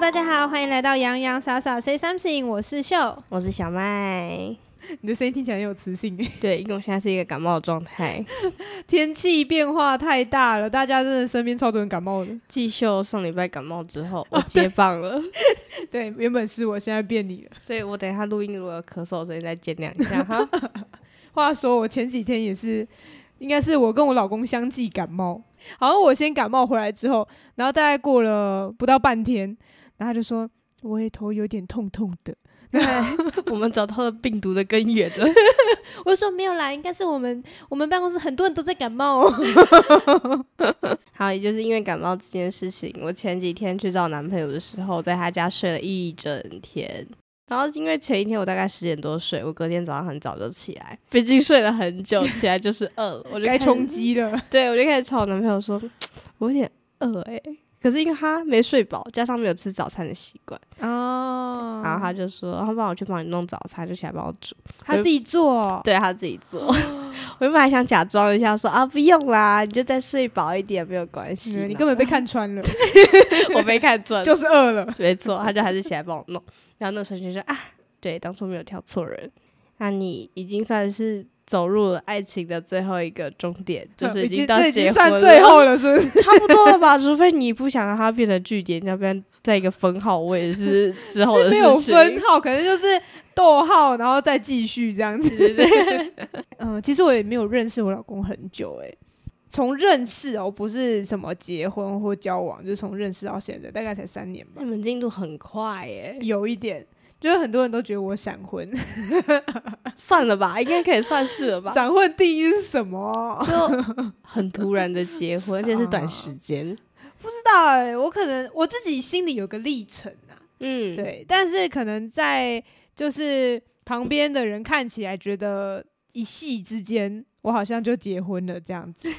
大家好，歡迎來到洋洋傻傻 say something。我是秀，我是小麥。你的聲音聽起來很有磁性耶。對，因為我現在是一個感冒的狀態。 天氣變化太大了，大家真的身邊超多人感冒的。繼秀上禮拜感冒之後，我解放了。哦、對， 對，原本是我，現在變你了。所以我等一下錄音，如果咳嗽，所以再見諒一下哈。 話說我前幾天也是，應該是我跟我老公相繼感冒。好像我先感冒回來之後，然後大概過了不到半天。然後他就說：“我也頭有點痛痛的。”對 我們找到了病毒的根源了。我說：“沒有啦，應該是我們我們辦公室很多人都在感冒喔。 好”還好也就是因為感冒這件事情，我前幾天去找男朋友的時候，在他家睡了一整天。然後因為前一天我大概十點多睡，我隔天早上很早就起來，畢竟睡了很久，起來就是餓了， 我就該充飢了。 對，我就開始吵男朋友說：“我有點餓哎、欸。”可是因為他沒睡飽，加上沒有吃早餐的習慣哦，然後他就說：“他幫我去幫你弄早餐，就起來幫我煮。他哦”他自己做，對他自己做。我原本還想假裝一下說：“啊，不用啦，你就再睡飽一點，沒有關係。”你根本被看穿了， 我被看穿了， 就是餓了，沒錯。他就還是起來幫我弄。 然後那個陳勳說：“啊，對，當初沒有挑錯人，那你已經算是。”走入了愛情的最後一個終點，就是已經到結婚了，算最後了，是不是、哦？差不多了吧，除非你不想讓它變成句點， 要不然在一個分號位是之後的事情。沒有分號，可能就是逗號，然後再繼續這樣子。 嗯，其實我也沒有認識我老公很久誒、欸，從認識哦，不是什麼結婚或交往，就從認識到現在，大概才三年吧。你們進度很快哎、欸，有一點。就是很多人都覺得我閃婚，算了吧， 應該可以算是了吧。閃婚定義是什麼？就很突然的結婚， 而且是短時間、啊。不知道哎、欸，我可能我自己心裡有個歷程啊，嗯，對，但是可能在就是旁邊的人看起來覺得一夕之間我好像就結婚了這樣子。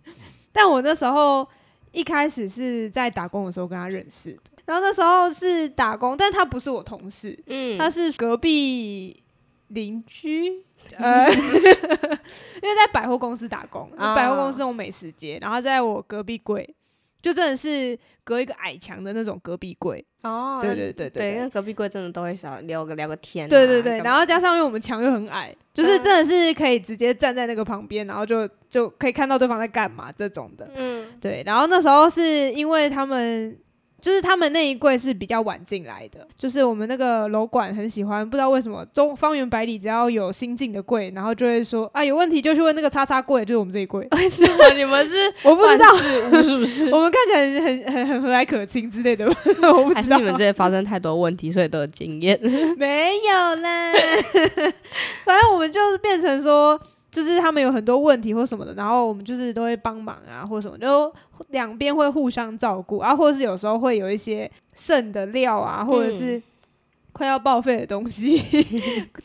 但我那時候一開始是在打工的時候跟他認識的。然後那時候是打工，但他不是我同事，嗯、他是隔壁鄰居，鄰居，呃， 因為在百貨公司打工，哦、百貨公司那種美食街，然後在我隔壁櫃，就真的是隔一個矮牆的那種隔壁櫃哦，對對對對，對，對，因為隔壁櫃真的都會少聊個聊個天、啊，對對對，然後加上因為我們牆又很矮、嗯，就是真的是可以直接站在那個旁邊，然後就就可以看到對方在幹嘛這種的，嗯，對，然後那時候是因為他們。就是他們那一櫃是比較晚進來的，就是我們那個樓管很喜歡，不知道為什麼中方圓百里只要有新進的櫃，然後就會說啊，有問題就去問那個叉叉櫃，就是我們這一櫃。是嗎？你們是，我不知道是不是？ 我們看起來很很很很和藹可親之類的， 我不知道。還是你們這裡發生太多問題，所以都有經驗。沒有啦， 反正我們就變成說。就是他們有很多問題或什麼的，然後我們就是都會幫忙啊，或什麼，就兩邊會互相照顧啊，或者是有時候會有一些剩的料啊，或者是快要報廢的東西，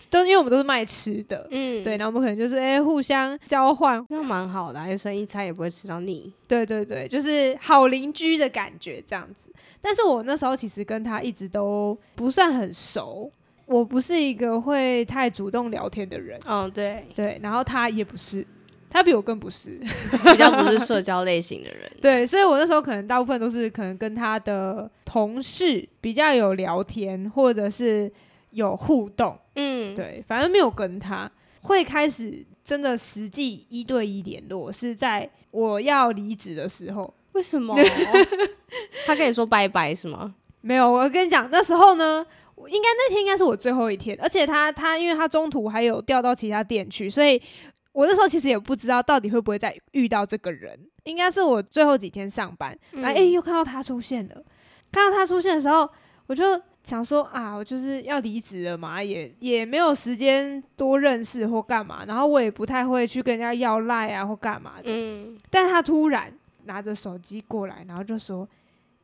都、嗯、 因為我們都是賣吃的，嗯，對，然後我們可能就是誒、欸，互相交換，那蠻好的，因為生意差也不會吃到膩，對對對，就是好鄰居的感覺這樣子。但是我那時候其實跟他一直都不算很熟。我不是一個會太主動聊天的人。嗯、oh，對對，然後他也不是，他比我更不是， 比較不是社交類型的人。 對，所以我那時候可能大部分都是可能跟他的同事比較有聊天，或者是有互動。嗯，對，反正沒有跟他會開始真的實際一對一聯絡，是在我要離職的時候。為什麼？ 他跟你說拜拜是嗎？ 沒有，我跟你講那時候呢。應該那天應該是我最後一天，而且他他，因為他中途還有調到其他店去，所以我那時候其實也不知道到底會不會再遇到這個人。應該是我最後幾天上班，然後哎、嗯欸，又看到他出現了。看到他出現的時候，我就想說啊，我就是要離職了嘛，也也沒有時間多認識或幹嘛。然後我也不太會去跟人家要賴啊或幹嘛的、嗯。但他突然拿着手機過來，然後就說：“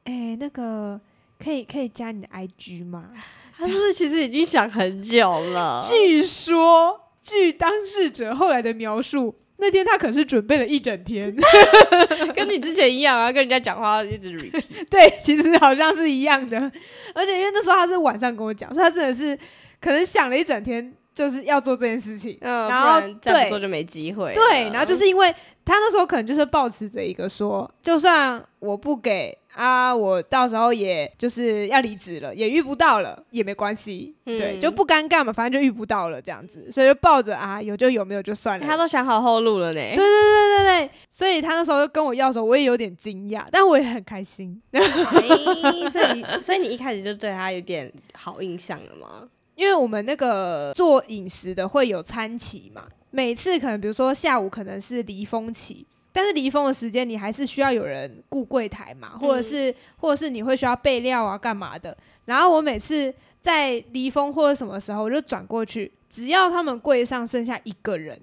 哎、欸，那個可以可以加你的 IG 嗎？”他就是，是其實已經想很久了。 據說，據當事者後來的描述，那天他可能是準備了一整天， 跟你之前一樣，我要跟人家講話，要一直 repeat。對，其實好像是一樣的。而且因為那時候他是晚上跟我講，所以他真的是可能想了一整天，就是要做這件事情。嗯、呃，然後怎麼做就沒機會。對，然後就是因為他那時候可能就是抱持着一個說，就算我不給。啊，我到時候也就是要離職了，也遇不到了，也沒關係、嗯，對，就不尷尬嘛，反正就遇不到了這樣子，所以就抱着啊，有就有，沒有就算了。欸、他都想好後路了呢、欸。對對對對對，所以他那時候就跟我要的時候，我也有點驚訝，但我也很開心。欸、所以所以你一開始就對他有點好印象了嗎？ 因為我們那個做飲食的會有餐期嘛，每次可能比如說下午可能是離峰期。但是離峰的時間，你還是需要有人顧櫃台嘛，或者是、嗯、或者是你會需要備料啊，幹嘛的？然後我每次在離峰或者什麼時候，我就轉過去，只要他們櫃上剩下一個人，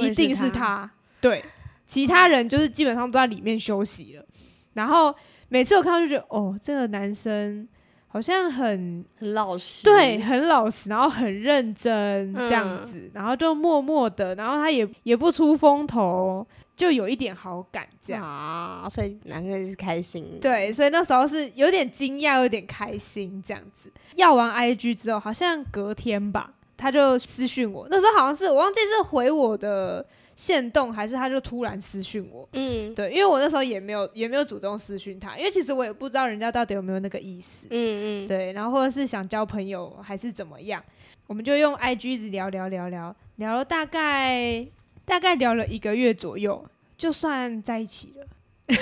一定是他，對，其他人就是基本上都在裡面休息了。然後每次我看到就覺得，哦，這個男生。好像很，很老實，對，很老實，然後很認真、嗯、這樣子，然後就默默的，然後他也也不出風頭，就有一點好感這樣啊，所以兩個人是開心，對，所以那時候是有點驚訝，有點開心這樣子。要完 I G 之後，好像隔天吧，他就私訊我，那時候好像是我忘記是回我的、限動還是他就突然私訊我，嗯，對，因為我那時候也沒有也沒有主動私訊他，因為其實我也不知道人家到底有沒有那個意思，嗯嗯，對，然後或者是想交朋友還是怎麼樣，我們就用 IG 一直聊聊聊聊聊了大概大概聊了一個月左右，就算在一起了，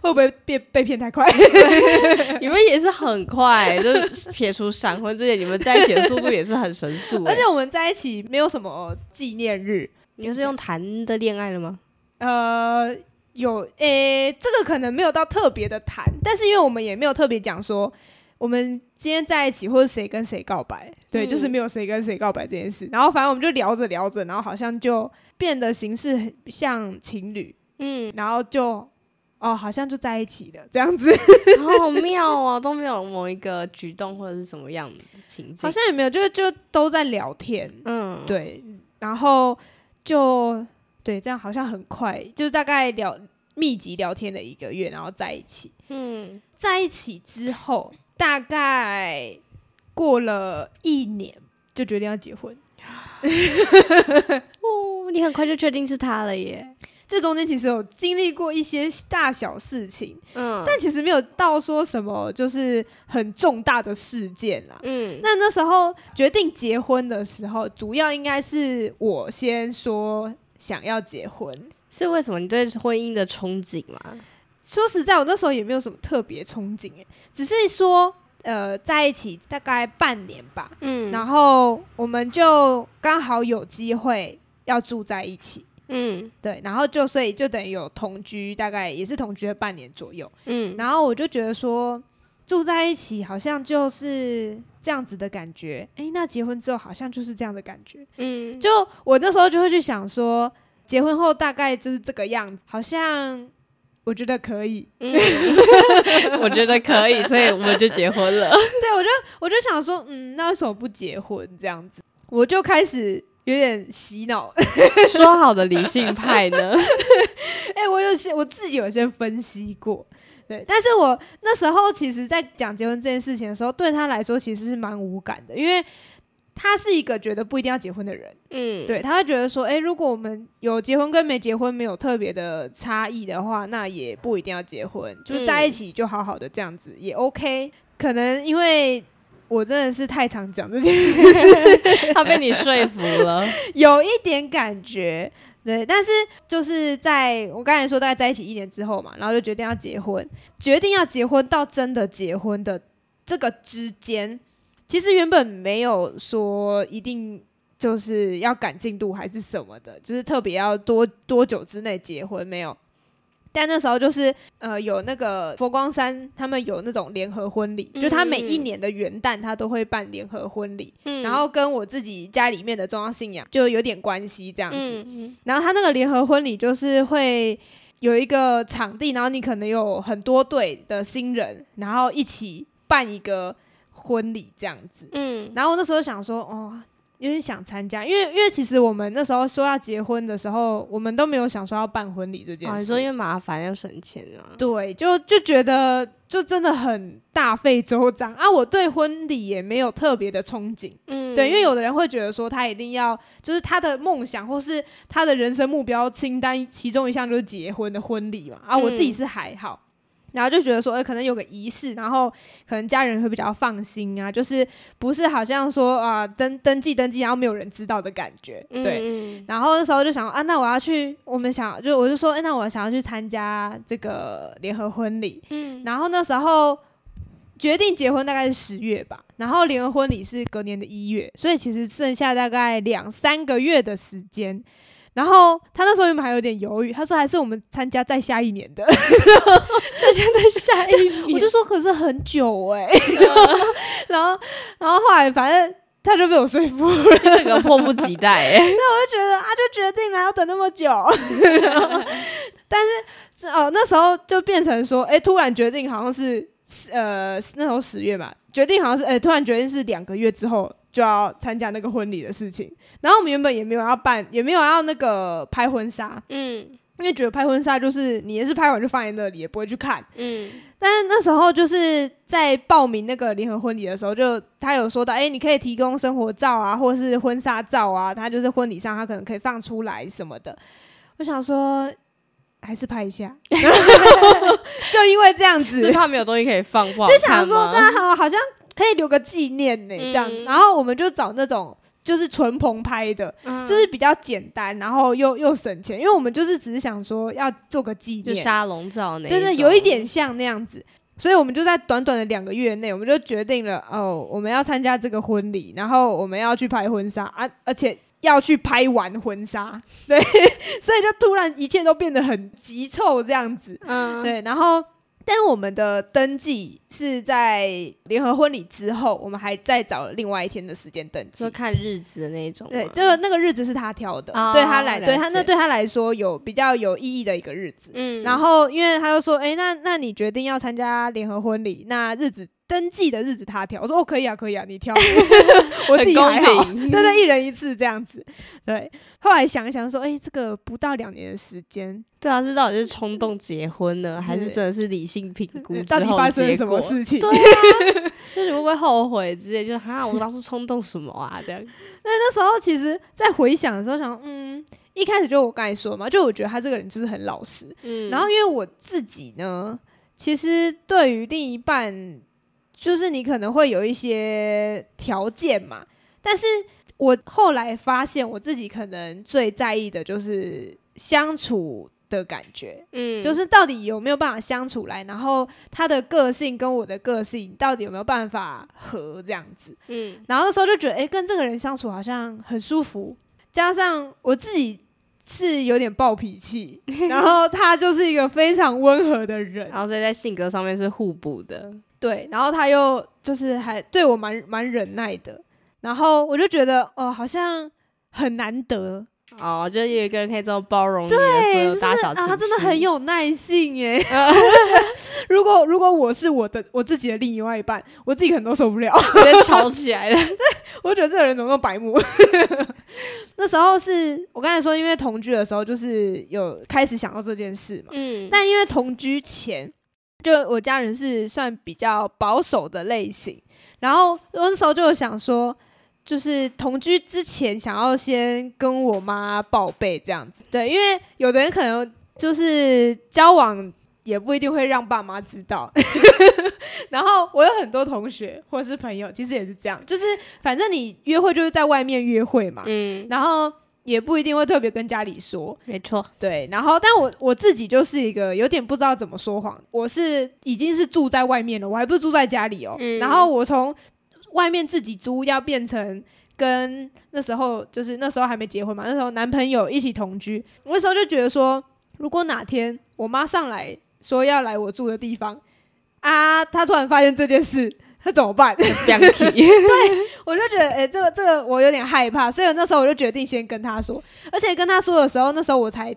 會不會被被騙太快？ 你們也是很快，就是撇除閃婚這些，你們在一起的速度也是很神速，而且我們在一起沒有什麼紀念日。你又是用談的戀愛了嗎？呃，有誒、欸，這個可能沒有到特別的談，但是因為我們也沒有特別講說我們今天在一起或者誰跟誰告白，對，嗯、就是沒有誰跟誰告白這件事。然後反正我們就聊着聊着，然後好像就變得形式很像情侶，嗯，然後就哦，好像就在一起了這樣子、哦。好妙啊、哦， 都沒有某一個舉動或者是什麼樣的情景，好像也沒有，就就都在聊天，嗯，對，然後。就對，這樣好像很快，就大概聊密集聊天了一個月，然後在一起。嗯，在一起之後大概過了一年，就決定要結婚。 哦，你很快就確定是他了耶。這中間其實有經歷過一些大小事情，嗯，但其實沒有到說什麼就是很重大的事件啦，啊，嗯。那那時候決定結婚的時候，主要應該是我先說想要結婚，是為什麼？你對婚姻的憧憬嗎？說實在，我那時候也沒有什麼特別憧憬，只是說呃，在一起大概半年吧，嗯，然後我們就剛好有機會要住在一起。嗯，對，然後就所以就等於有同居，大概也是同居了半年左右。嗯，然後我就覺得說住在一起好像就是這樣子的感覺。哎、欸，那結婚之後好像就是這樣的感覺。嗯，就我那時候就會去想說，結婚後大概就是這個樣子，好像我覺得可以。嗯、 我覺得可以，所以我們就結婚了。 對，我就我就想說，嗯，那為什麼不結婚這樣子？我就開始。有點洗腦， 說好的理性派呢？ 哎、 欸，我有些我自己有先分析過，對，但是我那時候其實，在講結婚這件事情的時候，對他來說其實是蠻無感的，因為他是一個覺得不一定要結婚的人，嗯，對，他會覺得說，哎、欸，如果我們有結婚跟沒結婚沒有特別的差異的話，那也不一定要結婚，就是、在一起就好好的這樣子也 OK，、嗯、可能因為。我真的是太常講這件事， 他被你說服了， 有一點感覺，對，但是就是在我剛才說大家在一起一年之後嘛，然後就決定要結婚，決定要結婚到真的結婚的這個之間，其實原本沒有說一定就是要趕進度還是什麼的，就是特別要多多久之內結婚，沒有。但那時候就是，呃，有那個佛光山，他們有那種聯合婚禮，嗯、就他每一年的元旦，他都會辦聯合婚禮、嗯，然後跟我自己家裡面的重要信仰就有點關係這樣子、嗯嗯。然後他那個聯合婚禮就是會有一個場地，然後你可能有很多對的新人，然後一起辦一個婚禮這樣子。嗯、然後我那時候想說，哦。有點想參加，因為因為其實我們那時候說要結婚的時候，我們都沒有想說要辦婚禮這件事。啊，你說因為麻煩又省錢啊？對，就就覺得就真的很大費周章啊！我對婚禮也沒有特別的憧憬，嗯，對，因為有的人會覺得說他一定要就是他的夢想或是他的人生目標清單其中一項就是結婚的婚禮嘛啊、嗯，我自己是還好。然後就覺得說，誒、欸，可能有個儀式，然後可能家人會比較放心啊，就是不是好像說啊、呃、登登記登記，然後沒有人知道的感覺，對。嗯嗯。然後那時候就想，啊，那我要去，我們想就我就說，哎、欸，那我想要去參加這個聯合婚禮。嗯。然後那時候決定結婚大概是十月吧，然後聯合婚禮是隔年的一月，所以其實剩下大概兩三個月的時間。然後他那時候原本還有點猶豫，他說還是我們參加再下一年的，參 加 再下一 我就說可是很久哎、欸， 然後然後後來反正他就被我說服了， 這個迫不及待哎、欸。那 我就覺得啊，就決定了要等那麼久， 但是哦那時候就變成說，哎，突然決定好像是呃那時候十月嘛，決定好像是哎突然決定是兩個月之後。就要參加那個婚禮的事情，然後我們原本也沒有要辦，也沒有要那個拍婚紗，嗯，因為覺得拍婚紗就是你也是拍完就放在那裡，也不會去看，嗯。但是那時候就是在報名那個聯合婚禮的時候，就他有說到，哎、欸，你可以提供生活照啊，或是婚紗照啊，他就是婚禮上他可能可以放出來什麼的。我想說，還是拍一下， 就因為這樣子，怕沒有東西可以放，不好看嗎？就想說這樣好,好像。可以留個紀念呢、欸，這樣、嗯。然後我們就找那種就是純棚拍的、嗯，就是比較簡單，然後又又省錢，因為我們就是只是想說要做個紀念，就沙龍照就是有一點像那樣子。所以我們就在短短的兩個月內，我們就決定了哦，我們要參加這個婚禮，然後我們要去拍婚紗啊，而且要去拍完婚紗，對， 所以就突然一切都變得很急湊這樣子，嗯，對，然後。但我們的登記是在聯合婚禮之後，我們還在找另外一天的時間登記，就看日子的那一種。對，就是那個日子是他挑的，哦、對他來，對他那對他來說有比較有意義的一個日子。嗯，然後因為他又說，哎，那那你決定要參加聯合婚禮，那日子。登記的日子他挑，我說哦，可以啊，可以啊，你挑，欸，我自己還好，對對，是一人一次這樣子。對，後來想想說，哎、欸，這個不到兩年的時間，對啊，這到底是衝動結婚呢，還是真的是理性評估？到底發生了什麼事情？對啊，那會不會後悔？之類，就哈、啊，我當初衝動什麼啊？這樣。那那時候其實，在回想的時候想，嗯，一開始就我剛才說嘛，就我覺得他這個人就是很老實。嗯，然後因為我自己呢，其實對於另一半。就是你可能會有一些條件嘛，但是我後來發現我自己可能最在意的就是相處的感覺，嗯，就是到底有沒有辦法相處來，然後他的個性跟我的個性到底有沒有辦法合這樣子，嗯，然後那時候就覺得，哎、欸，跟這個人相處好像很舒服，加上我自己是有點暴脾氣，然後他就是一個非常溫和的人， 然後所以在性格上面是互補的。對，然後他又就是還對我蠻蠻忍耐的，然後我就覺得哦、呃，好像很難得哦，就有一個人可以這麼包容你所有大小情緒、啊、他真的很有耐性耶。嗯、 如果如果我是我的我自己的另外一半，我自己可能都受不了，直接吵起來了。 我覺得這個人怎麼那麼白目？ 那時候是我剛才說，因為同居的時候就是有開始想到這件事嘛。嗯，但因為同居前。就我家人是算比較保守的類型，然後我那時候就想說，就是同居之前想要先跟我媽報備這樣子。對，因為有的人可能就是交往也不一定會讓爸媽知道。 然後我有很多同學或是朋友，其實也是這樣，就是反正你約會就是在外面約會嘛。嗯，然後。也不一定會特別跟家裡說，沒錯，對。然後，但我我自己就是一個有點不知道怎麼說謊。我是已經是住在外面了，我還不是住在家裡哦。嗯。然後我從外面自己租要變成跟那時候，就是那時候還沒結婚嘛，那時候男朋友一起同居。我那時候就覺得說，如果哪天我媽上來說要來我住的地方啊，她突然發現這件事。那怎麼辦？ 對，我就覺得，誒、欸，這個這個我有點害怕，所以那時候我就決定先跟他說，而且跟他說的時候，那時候我才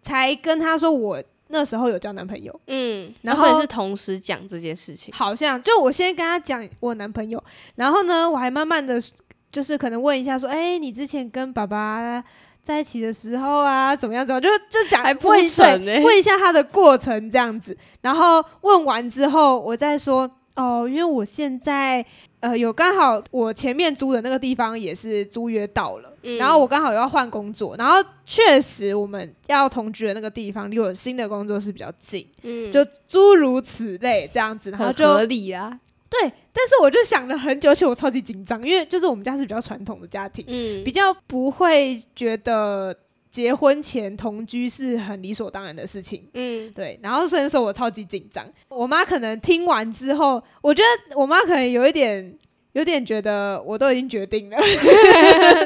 才跟他說我那時候有交男朋友，嗯，然後、啊、所以是同時講這件事情，好像就我先跟他講我男朋友，然後呢，我還慢慢的就是可能問一下說，誒、欸，你之前跟爸爸在一起的時候啊，怎麼樣、啊？怎麼就就講，還不會下、欸、問一下他的過程這樣子，然後問完之後我再說。哦，因為我現在呃有剛好我前面租的那個地方也是租約到了，嗯、然後我剛好要換工作，然後確實我們要同居的那個地方離我新的工作室比較近，嗯、就諸如此類這樣子，然後就合理啊，對，但是我就想了很久，而且我超級緊張，因為就是我們家是比較傳統的家庭、嗯，比較不會覺得。結婚前同居是很理所當然的事情，嗯，對。然後雖然說我超級緊張，我媽可能聽完之後，我覺得我媽可能有一點，有點覺得我都已經決定了。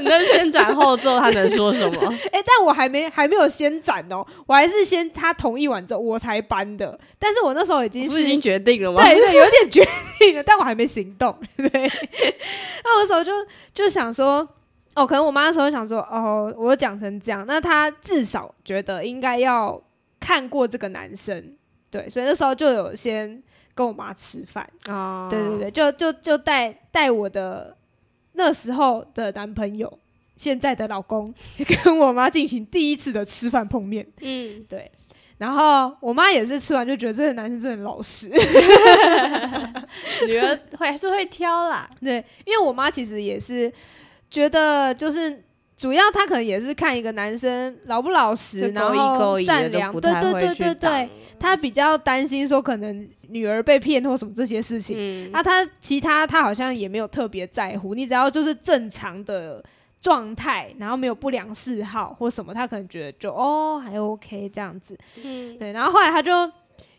那 先斬後奏，她能說什麼？哎、 欸，但我還沒還沒有先斬哦，我還是先她同意完之後我才搬的。但是我那時候已經是，是已經決定了嗎？對對，有點決定了， 但我還沒行動。對， 那我那時候就就想說。哦，可能我媽那時候想說，哦，我講成這樣，那她至少覺得應該要看過這個男生，對，所以那時候就有先跟我媽吃飯啊、哦，對對對，就就就帶帶我的那時候的男朋友，現在的老公，跟我媽進行第一次的吃飯碰面，嗯，對，然後我媽也是吃完就覺得這個男生真的很老實，嗯、 女兒會還是會挑啦，對，因為我媽其實也是。覺得就是主要，他可能也是看一個男生老不老實，然後善良，對對對對對，對，他比較擔心說可能女兒被騙或什麼這些事情，啊。那他其他他好像也沒有特別在乎，你只要就是正常的狀態，然後沒有不良嗜好或什麼，他可能覺得就哦還 OK 這樣子。嗯，對。然後後來他就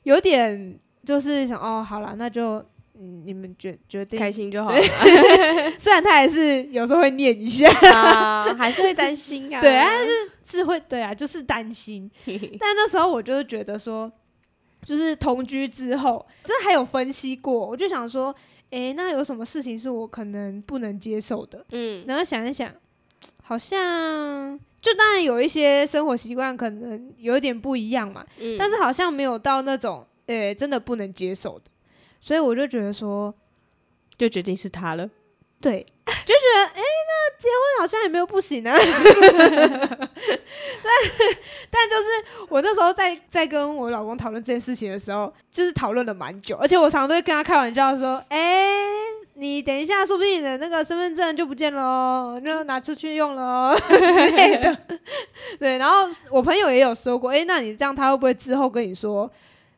有點就是想哦，好了，那就。嗯，你們覺覺得決定開心就好。 雖然他還是有時候會念一下， 啊，還是會擔心啊。對啊，就是是會，對啊，就是擔心。 但那時候我就是覺得說，就是同居之後，真的還有分析過，我就想說，誒、欸，那有什麼事情是我可能不能接受的？嗯，然後想一想，好像就當然有一些生活習慣可能有一點不一樣嘛、嗯。但是好像沒有到那種，誒、欸，真的不能接受的。所以我就覺得說，就決定是他了，對，就覺得欸，那結婚好像也沒有不行啊。 但但就是我那時候在在跟我老公討論這件事情的時候，就是討論了蠻久，而且我常常都會跟他開玩笑說，欸，你等一下，說不定你的那個身份證就不見了，就拿出去用了之類 的。對，然後我朋友也有說過，欸，那你這樣，他會不會之後跟你說？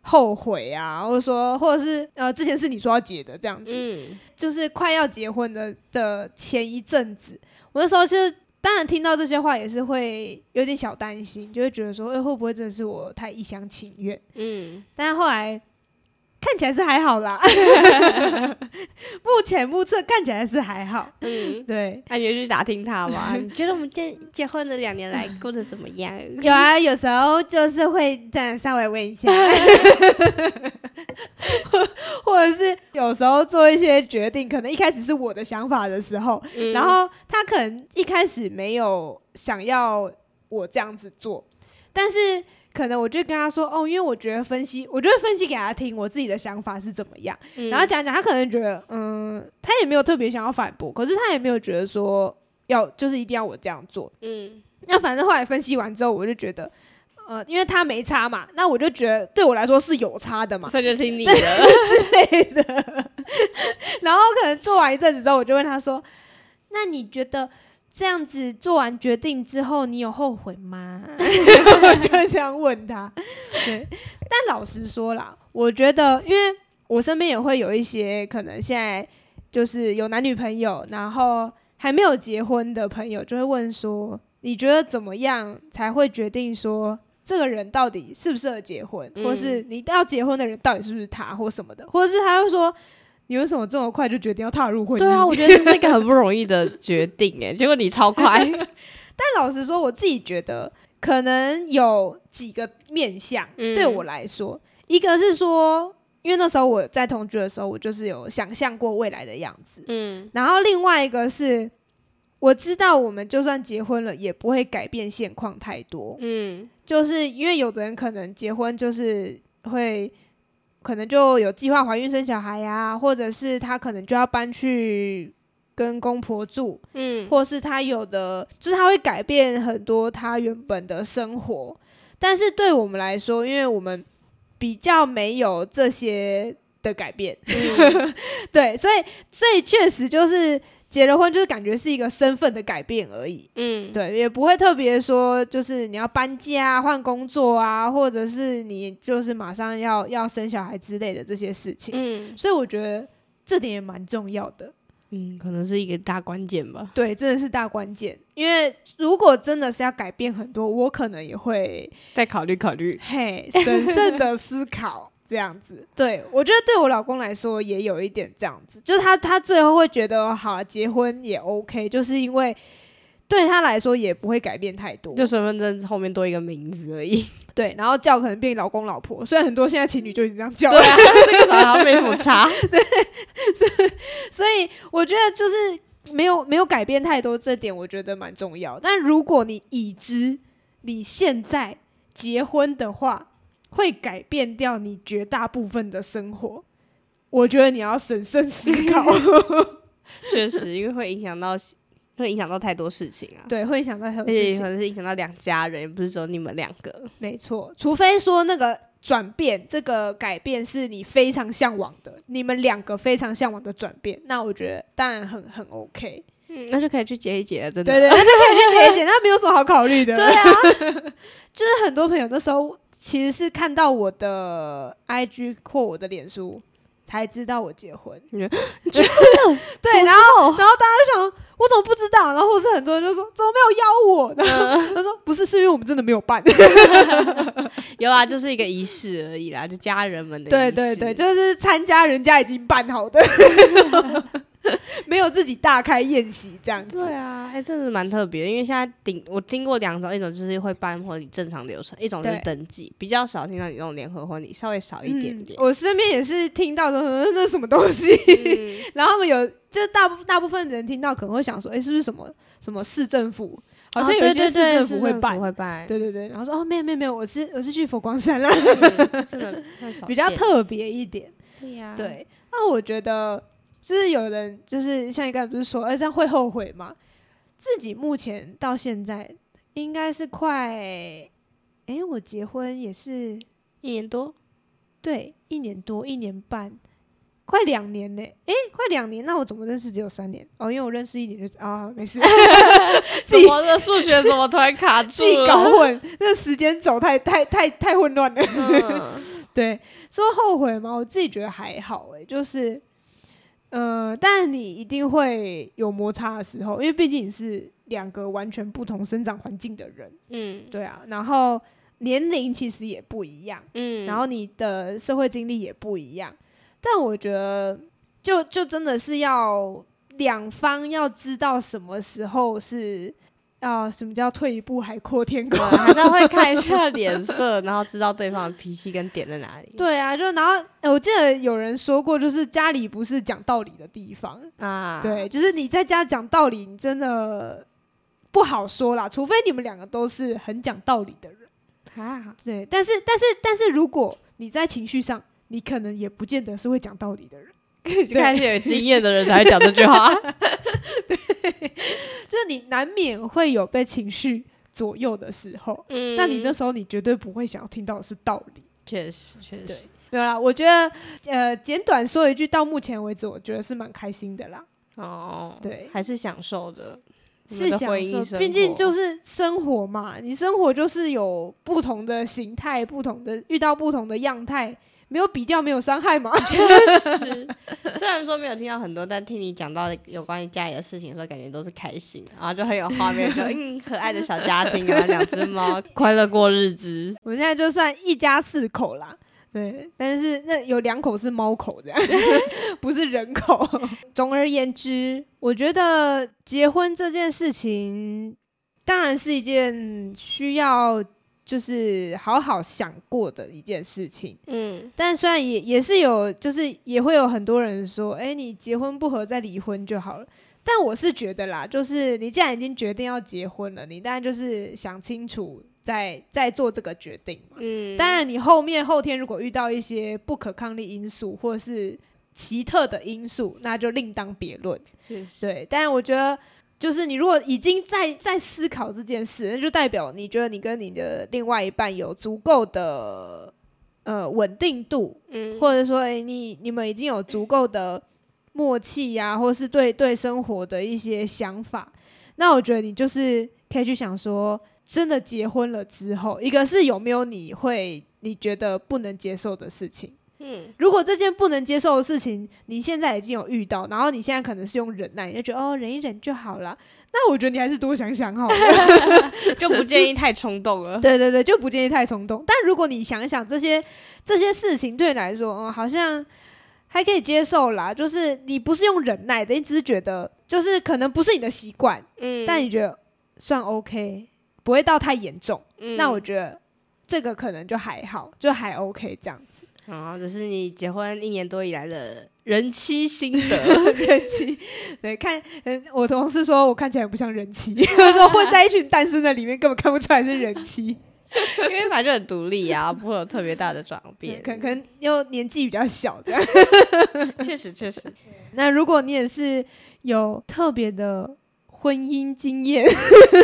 後悔啊，或者說，或者是呃，之前是你說要結的這樣子，嗯，就是快要結婚的的前一陣子，我那時候其實當然聽到這些話也是會有點小擔心，就會覺得說，哎、欸，會不會真的是我太一廂情願？嗯，但是後來。看起來是還好啦 目前目測看起來是還好。嗯，對、啊，那你就去打聽他吧。 你覺得我們結結婚這兩年來過得怎麼樣？ 有啊，有時候就是會這樣。稍微問一下，或者是有時候做一些決定，可能一開始是我的想法的時候、嗯，然後他可能一開始沒有想要我這樣子做、嗯，但是。可能我就跟他說哦，因為我覺得分析，我覺得分析給他聽，我自己的想法是怎麼樣，嗯、然後講講，他可能覺得，嗯，他也沒有特別想要反駁，可是他也沒有覺得說要，就是一定要我這樣做，嗯。那反正後來分析完之後，我就覺得，呃，因為他沒差嘛，那我就覺得對我來說是有差的嘛，所以就聽你的 之類的。 然後可能做完一陣子之後，我就問他說，那你覺得？這樣子做完決定之後，你有後悔嗎？ 我就想問他。 對，但老實說啦，我覺得，因為我身邊也會有一些可能現在就是有男女朋友，然後還沒有結婚的朋友，就會問說，你覺得怎麼樣才會決定說這個人到底適不適合結婚，嗯、或是你要結婚的人到底是不是他，或什麼的，或是他會說。你為什麼這麼快就決定要踏入婚姻？對啊，我覺得是這是一個很不容易的決定誒， 結果你超快。 但老實說，我自己覺得可能有幾個面向、嗯、對我來說，一個是說，因為那時候我在同居的時候，我就是有想象過未來的樣子，嗯。然後另外一個是，我知道我們就算結婚了，也不會改變現況太多，嗯。就是因為有的人可能結婚就是會。可能就有計劃懷孕生小孩呀、啊，或者是他可能就要搬去跟公婆住，嗯，或是他有的，就是他會改變很多他原本的生活。但是對我們來說，因為我們比較沒有這些的改變，嗯、 對，所以所以確實就是。結了婚就是感覺是一個身份的改變而已，嗯，對，也不會特別說就是你要搬家啊、換工作啊，或者是你就是馬上要要生小孩之類的這些事情，嗯，所以我覺得這點也蠻重要的，嗯，可能是一個大關鍵吧，對，真的是大關鍵，因為如果真的是要改變很多，我可能也會再考慮考慮，嘿，謹慎的思考。 這樣子，對，我覺得對我老公來說也有一點這樣子，就是他他最後會覺得好，結婚也 OK，就是因為對他來說也不會改變太多，就身份證後面多一個名字而已。 對，然後叫可能變老公老婆，雖然很多現在情侶就已經這樣叫了，對啊、 這個好像沒什麼差。 對，所以，所以我覺得就是沒有沒有改變太多這點，我覺得蠻重要。但如果你已知你現在結婚的話，會改變掉你絕大部分的生活，我覺得你要審慎思考 確實，因為會影響到會影響到太多事情啊。對，會影響到很多事情，可能是影響到兩家人，也不是說你們兩個。沒錯，除非說那個轉變，這個改變是你非常向往的，你們兩個非常向往的轉變，那我覺得當然很很 OK，嗯，那就可以去結一結，了，真的，對對， 那就可以去結一結，那沒有什麼好考慮的。 對啊，就是很多朋友那時候。其實是看到我的 IG 或我的臉書，才知道我結婚。你 覺得 對，然後然後大家就想，我怎麼不知道？然後是很多人就說，怎麼沒有邀我呢？他說，不是，是因為我們真的沒有辦。 有啊，就是一個儀式而已啦，就家人們的儀式。對對對，就是參加人家已經辦好的。 沒有自己大開宴席這樣子，對啊，哎、欸，真是蠻特別。因為現在頂我聽過兩種，一種就是會辦婚禮正常流程，一種就是登記，比較少聽到你這種聯合婚禮，稍微少一點點。嗯、我身邊也是聽到說說那是什麼東西，嗯、 然後有就大部大部分人聽到可能會想說，哎、欸，是不是什麼什麼市政府？好、啊、像有些市政府會辦會辦、哦，對對對，然後說哦沒有沒有沒有，我是我是，我是去佛光山啦，很、嗯、少，比較特別一點，對啊，對，那我覺得。就是有人，就是像你剛才不是說，哎，這樣會後悔嗎？自己目前到現在應該是快，哎、欸，我結婚也是一年多，對，一年多，一年半，快兩年嘞，哎、欸，快兩年，那我怎麼認識只有三年？哦，因為我認識一年就是啊，沒事， 自己 怎麼的數學怎麼突然卡住了？自己搞混，那時間走太太太太混亂了。嗯、 對，說後悔嗎？我自己覺得還好，誒，就是。呃，但你一定會有摩擦的時候，因為畢竟你是兩個完全不同生長環境的人，嗯，對啊，然後年齡其實也不一樣，嗯，然後你的社會經歷也不一樣，但我覺得就就真的是要兩方要知道什麼時候是。啊、呃，什麼叫退一步海闊天空？ 還是會看一下臉色，然後知道對方的脾氣跟點在哪裡？ 對啊，就然後、欸，我記得有人說過，就是家裡不是講道理的地方啊。對，就是你在家講道理，你真的不好說啦，除非你們兩個都是很講道理的人啊。對，但是但是但是，但是如果你在情緒上，你可能也不見得是會講道理的人。看一些有經驗的人才會講這句話。 對。 就是你難免會有被情緒左右的時候，嗯，那你那時候你絕對不會想要聽到的是道理，確實確實對了。我覺得，呃，簡短說一句，到目前為止，我覺得是蠻開心的啦。哦，對，還是享受的回憶，是享受。畢竟就是生活嘛，你生活就是有不同的形態，不同的遇到不同的樣態。沒有比較，沒有傷害嘛。確實， 雖然說沒有聽到很多，但聽你講到有關於家裡的事情，所以感覺都是開心，然後就很有畫面， 就、嗯、可愛的小家庭啊，兩只貓快 樂過日子。我現在就算一家四口啦，對，但是那有兩口是貓口這樣，的不是人口。 總而言之，我覺得結婚這件事情，當然是一件需要，就是好好想過的一件事情，嗯，但雖然也也是有，就是也會有很多人說，哎，你結婚不合再離婚就好了。但我是覺得啦，就是你既然已經決定要結婚了，你當然就是想清楚再再做這個決定，嗯，當然你後面後天如果遇到一些不可抗力因素或是奇特的因素，那就另當別論，是是對。但我覺得。就是你如果已經在在思考這件事，那就代表你覺得你跟你的另外一半有足夠的呃穩定度，嗯，或者說誒、欸、你你們已經有足夠的默契呀、啊，或是對對生活的一些想法，那我覺得你就是可以去想說，真的結婚了之後，一個是有沒有你會你覺得不能接受的事情。嗯，如果這件不能接受的事情，你現在已經有遇到，然後你現在可能是用忍耐，你就覺得哦，忍一忍就好了。那我覺得你還是多想想好了， 就不建議太衝動了。 對對對，就不建議太衝動。但如果你想一想這些這些事情，對你來說，哦、嗯，好像還可以接受啦。就是你不是用忍耐的，你只是覺得就是可能不是你的習慣，嗯，但你覺得算 OK，不會到太嚴重、嗯。那我覺得這個可能就還好，就還 OK 這樣子。啊、哦，這是你結婚一年多以來的人妻心得。 人妻，對，看，嗯、我同事說我看起來不像人妻，有時候 說混在一群單身的裡面 根本看不出來是人妻，因為反正就很獨立啊， 不會有特別大的轉變。嗯、可能可能又年紀比較小的， 確實確實。 那如果你也是有特別的婚姻經驗，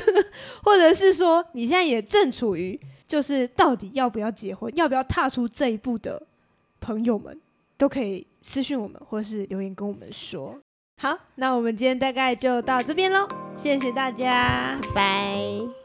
或者是說你現在也正處於就是到底要不要結婚，要不要踏出這一步的？朋友們都可以私訊我們，或是留言跟我們說。好，那我們今天大概就到這邊嘍，謝謝大家，拜拜。拜拜